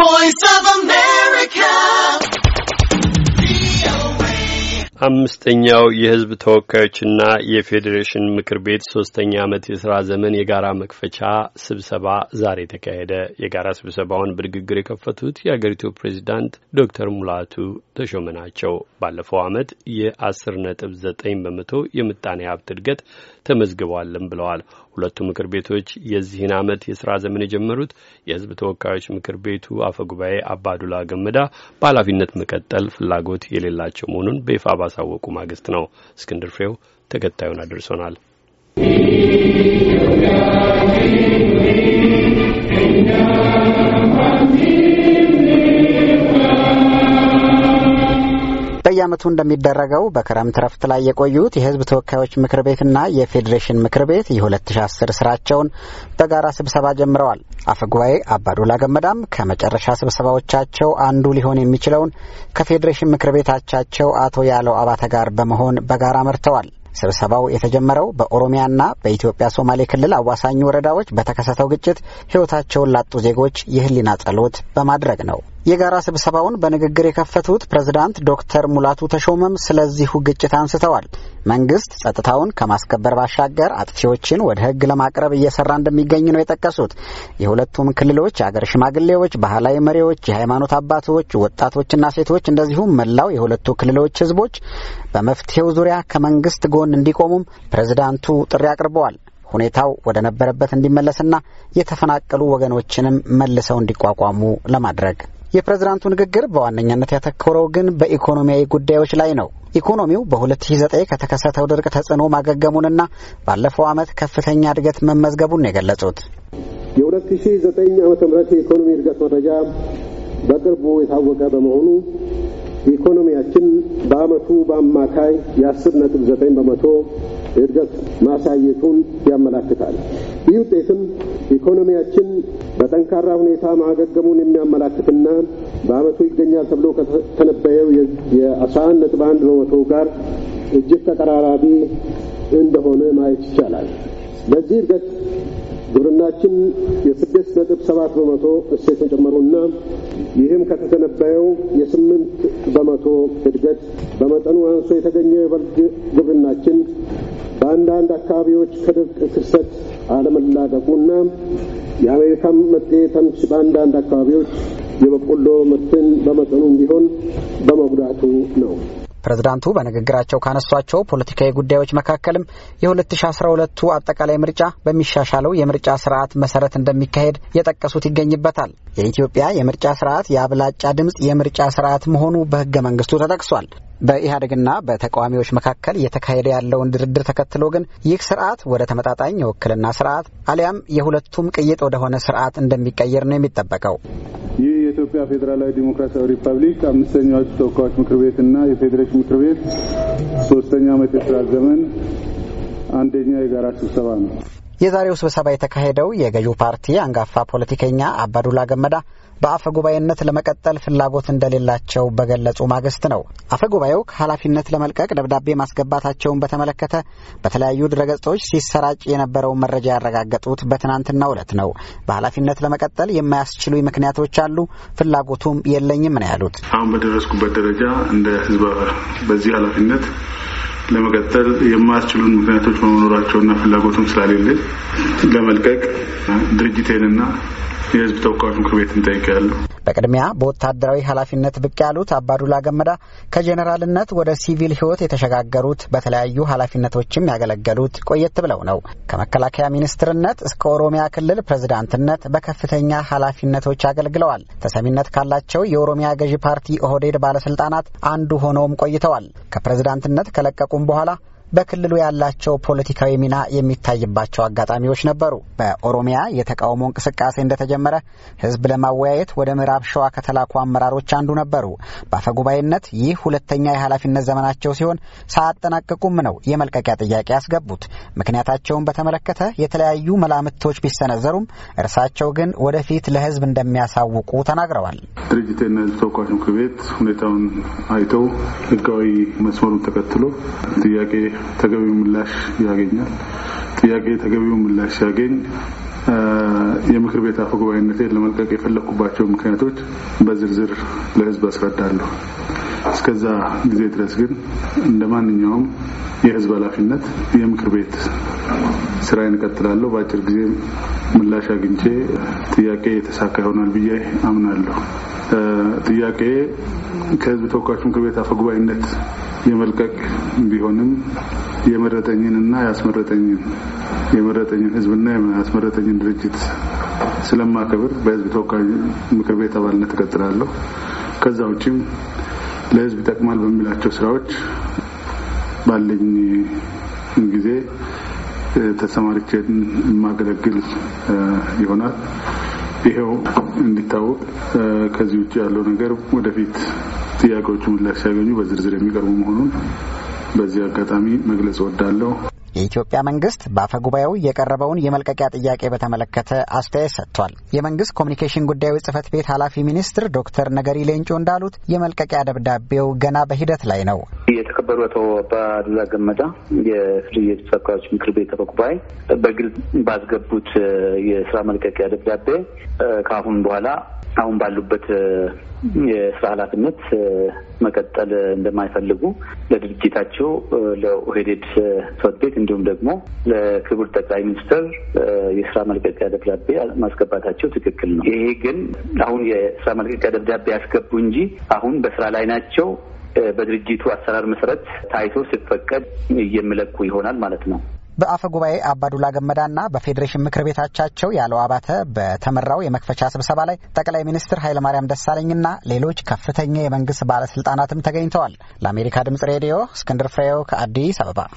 voice of America. አምስተኛው የህዝብ ተወካዮችና የፌዴሬሽን ምክር ቤት ሶስተኛ ዓመት የሥራ ዘመን የጋራ መክፈቻ ስብሰባ ዛሬ ተካሄደ። የጋራ ስብሰባውን በንግግር የከፈቱት የአገሪቱ ፕሬዚዳንት ዶክተር ሙላቱ ተሾመ ናቸው። ባለፈው ዓመት የአስር ነጥብ ዘጠኝ በመቶ የምጣኔ ሀብት እድገት ተመዝግቧልም ብለዋል። ሁለቱ ምክር ቤቶች የዚህን ዓመት የስራ ዘመን የጀመሩት የህዝብ ተወካዮች ምክር ቤቱ አፈ ጉባኤ አባዱላ ገመዳ በኃላፊነት መቀጠል ፍላጎት የሌላቸው መሆኑን በይፋ ባሳወቁ ማግስት ነው። እስክንድር ፍሬው ተከታዩን አድርሶናል። ኢትዮጵያ በየዓመቱ እንደሚደረገው በክረምት ረፍት ላይ የቆዩት የሕዝብ ተወካዮች ምክር ቤትና የፌዴሬሽን ምክር ቤት የ2010 ስራቸውን በጋራ ስብሰባ ጀምረዋል። አፈጉባኤ አባዱላ ገመዳም ከመጨረሻ ስብሰባዎቻቸው አንዱ ሊሆን የሚችለውን ከፌዴሬሽን ምክር ቤታቻቸው አቶ ያለው አባተ ጋር በመሆን በጋራ መርተዋል። ስብሰባው የተጀመረው በኦሮሚያና በኢትዮጵያ ሶማሌ ክልል አዋሳኝ ወረዳዎች በተከሰተው ግጭት ሕይወታቸውን ላጡ ዜጎች የህሊና ጸሎት በማድረግ ነው። የጋራ ስብሰባውን በንግግር የከፈቱት ፕሬዝዳንት ዶክተር ሙላቱ ተሾመም ስለዚሁ ግጭት አንስተዋል። መንግስት ጸጥታውን ከማስከበር ባሻገር አጥፊዎችን ወደ ህግ ለማቅረብ እየሰራ እንደሚገኝ ነው የጠቀሱት። የሁለቱም ክልሎች የአገር ሽማግሌዎች፣ ባህላዊ መሪዎች፣ የሃይማኖት አባቶች፣ ወጣቶችና ሴቶች እንደዚሁም መላው የሁለቱ ክልሎች ህዝቦች በመፍትሄው ዙሪያ ከመንግስት ጎን እንዲቆሙም ፕሬዝዳንቱ ጥሪ አቅርበዋል። ሁኔታው ወደ ነበረበት እንዲመለስና የተፈናቀሉ ወገኖችንም መልሰው እንዲቋቋሙ ለማድረግ የፕሬዝዳንቱ ንግግር በዋነኛነት ያተኮረው ግን በኢኮኖሚያዊ ጉዳዮች ላይ ነው። ኢኮኖሚው በ2009 ከተከሰተው ድርቅ ተጽዕኖ ማገገሙንና ባለፈው ዓመት ከፍተኛ እድገት መመዝገቡን የገለጹት የ2009 ም የኢኮኖሚ እድገት መረጃ በቅርቡ የታወቀ በመሆኑ ኢኮኖሚያችን በዓመቱ በአማካይ የ10 ነጥብ በመቶ እድገት ማሳየቱን ያመላክታል። ይህ ውጤትም ኢኮኖሚያችን በጠንካራ ሁኔታ ማገገሙን የሚያመላክትና በዓመቱ ይገኛል ተብሎ ከተነበየው የ11 ነጥብ አንድ በመቶ ጋር እጅግ ተቀራራቢ እንደሆነ ማየት ይቻላል። በዚህ እድገት ግብርናችን የስድስት ነጥብ ሰባት በመቶ እሴት መጨመሩና ይህም ከተተነበየው የስምንት በመቶ እድገት በመጠኑ አንሶ የተገኘው የበልግ ግብርናችን በአንዳንድ አካባቢዎች ከድርቅ ክስተት አለመላቀቁና የአሜሪካ መጤ ተምች በአንዳንድ አካባቢዎች የበቆሎ ምርትን በመጠኑም ቢሆን በመጉዳቱ ነው። ፕሬዝዳንቱ በንግግራቸው ካነሷቸው ፖለቲካዊ ጉዳዮች መካከልም የ2012ቱ አጠቃላይ ምርጫ በሚሻሻለው የምርጫ ስርዓት መሰረት እንደሚካሄድ የጠቀሱት ይገኝበታል። የኢትዮጵያ የምርጫ ስርዓት የአብላጫ ድምፅ የምርጫ ስርዓት መሆኑ በህገ መንግስቱ ተጠቅሷል። በኢህአዴግና በተቃዋሚዎች መካከል እየተካሄደ ያለውን ድርድር ተከትሎ ግን ይህ ስርዓት ወደ ተመጣጣኝ የውክልና ስርዓት አሊያም የሁለቱም ቅይጥ ወደሆነ ስርዓት እንደሚቀየር ነው የሚጠበቀው። የኢትዮጵያ ፌዴራላዊ ዲሞክራሲያዊ ሪፐብሊክ አምስተኛው የሕዝብ ተወካዮች ምክር ቤት እና የፌዴሬሽን ምክር ቤት ሶስተኛ ዓመት የስራ ዘመን አንደኛ የጋራ ስብሰባ ነው። የዛሬው ስብሰባ የተካሄደው የገዢው ፓርቲ አንጋፋ ፖለቲከኛ አባዱላ ገመዳ በአፈ ጉባኤነት ለመቀጠል ፍላጎት እንደሌላቸው በገለጹ ማግስት ነው። አፈ ጉባኤው ከኃላፊነት ለመልቀቅ ደብዳቤ ማስገባታቸውን በተመለከተ በተለያዩ ድረገጾች ሲሰራጭ የነበረውን መረጃ ያረጋገጡት በትናንትናው ዕለት ነው። በኃላፊነት ለመቀጠል የማያስችሉ ምክንያቶች አሉ፣ ፍላጎቱም የለኝም ነው ያሉት። አሁን በደረስኩበት ደረጃ እንደ ህዝብ በዚህ ኃላፊነት ለመቀጠል የማያስችሉን ምክንያቶች በመኖራቸውና ፍላጎቱም ስላሌለ ለመልቀቅ ድርጅቴንና የህዝብ ተወካዮች ምክር ቤት እንጠይቃለሁ። በቅድሚያ በወታደራዊ ኃላፊነት ብቅ ያሉት አባዱላ ገመዳ ከጄኔራልነት ወደ ሲቪል ህይወት የተሸጋገሩት በተለያዩ ኃላፊነቶችም ያገለገሉት ቆየት ብለው ነው። ከመከላከያ ሚኒስትርነት እስከ ኦሮሚያ ክልል ፕሬዝዳንትነት በከፍተኛ ኃላፊነቶች አገልግለዋል። ተሰሚነት ካላቸው የኦሮሚያ ገዢ ፓርቲ ኦህዴድ ባለስልጣናት አንዱ ሆነውም ቆይተዋል። ከፕሬዝዳንትነት ከለቀቁም በኋላ በክልሉ ያላቸው ፖለቲካዊ ሚና የሚታይባቸው አጋጣሚዎች ነበሩ። በኦሮሚያ የተቃውሞ እንቅስቃሴ እንደተጀመረ ህዝብ ለማወያየት ወደ ምዕራብ ሸዋ ከተላኩ አመራሮች አንዱ ነበሩ። በአፈጉባኤነት ይህ ሁለተኛ የኃላፊነት ዘመናቸው ሲሆን ሳያጠናቀቁም ነው የመልቀቂያ ጥያቄ ያስገቡት። ምክንያታቸውን በተመለከተ የተለያዩ መላምቶች ቢሰነዘሩም እርሳቸው ግን ወደፊት ለህዝብ እንደሚያሳውቁ ተናግረዋል። ድርጅት ህዝብ ተወካዮች ምክር ቤት ሁኔታውን አይተው ህጋዊ መስመሩን ተከትሎ ጥያቄ ተገቢው ምላሽ ያገኛል። ጥያቄ ተገቢው ምላሽ ያገኝ የምክር ቤት አፈ ጉባኤነቴን ለመልቀቅ የፈለግኩባቸው ምክንያቶች በዝርዝር ለህዝብ አስረዳለሁ። እስከዛ ጊዜ ድረስ ግን እንደ ማንኛውም የህዝብ ኃላፊነት የምክር ቤት ስራዬን እቀጥላለሁ። በአጭር ጊዜ ምላሽ አግኝቼ ጥያቄ የተሳካ ይሆናል ብዬ አምናለሁ። ጥያቄ ከህዝብ ተወካዮች ምክር ቤት አፈጉባኤነት የመልቀቅ ቢሆንም የመረጠኝንና ያስመረጠኝን የመረጠኝን ህዝብና ያስመረጠኝን ድርጅት ስለማከብር በህዝብ ተወካዮች ምክር ቤት አባልነት እቀጥላለሁ። ከዛ ውጭም ለህዝብ ይጠቅማል በሚላቸው ስራዎች ባለኝ ጊዜ ተሰማርቼ የማገለግል ይሆናል። ይኸው እንዲታወቅ ከዚህ ውጭ ያለው ነገር ወደፊት ጥያቄዎቹ ምላሽ ሲያገኙ በዝርዝር የሚቀርቡ መሆኑን በዚህ አጋጣሚ መግለጽ እወዳለሁ። የኢትዮጵያ መንግስት በአፈ ጉባኤው የቀረበውን የመልቀቂያ ጥያቄ በተመለከተ አስተያየት ሰጥቷል። የመንግስት ኮሚኒኬሽን ጉዳዮች ጽህፈት ቤት ኃላፊ ሚኒስትር ዶክተር ነገሪ ሌንጮ እንዳሉት የመልቀቂያ ደብዳቤው ገና በሂደት ላይ ነው። የተከበሩ አቶ አባዱላ ገመዳ የክልል የተወካዮች ምክር ቤት አፈ ጉባኤ በግልጽ ባስገቡት የስራ መልቀቂያ ደብዳቤ ከአሁን በኋላ አሁን ባሉበት የስራ ኃላፊነት መቀጠል እንደማይፈልጉ ለድርጅታቸው ለኦህዴድ ጽሕፈት ቤት እንዲሁም ደግሞ ለክቡር ጠቅላይ ሚኒስትር የስራ መልቀቂያ ደብዳቤ ማስገባታቸው ትክክል ነው። ይሄ ግን አሁን የስራ መልቀቂያ ደብዳቤ ያስገቡ እንጂ አሁን በስራ ላይ ናቸው በድርጅቱ አሰራር መሰረት ታይቶ ሲፈቀድ እየምለኩ ይሆናል ማለት ነው። በአፈ ጉባኤ አባዱላ ገመዳና በፌዴሬሽን ምክር ቤታቻቸው ያለው አባተ በተመራው የመክፈቻ ስብሰባ ላይ ጠቅላይ ሚኒስትር ኃይለማርያም ደሳለኝና ሌሎች ከፍተኛ የመንግስት ባለስልጣናትም ተገኝተዋል። ለአሜሪካ ድምጽ ሬዲዮ እስክንድር ፍሬው ከአዲስ አበባ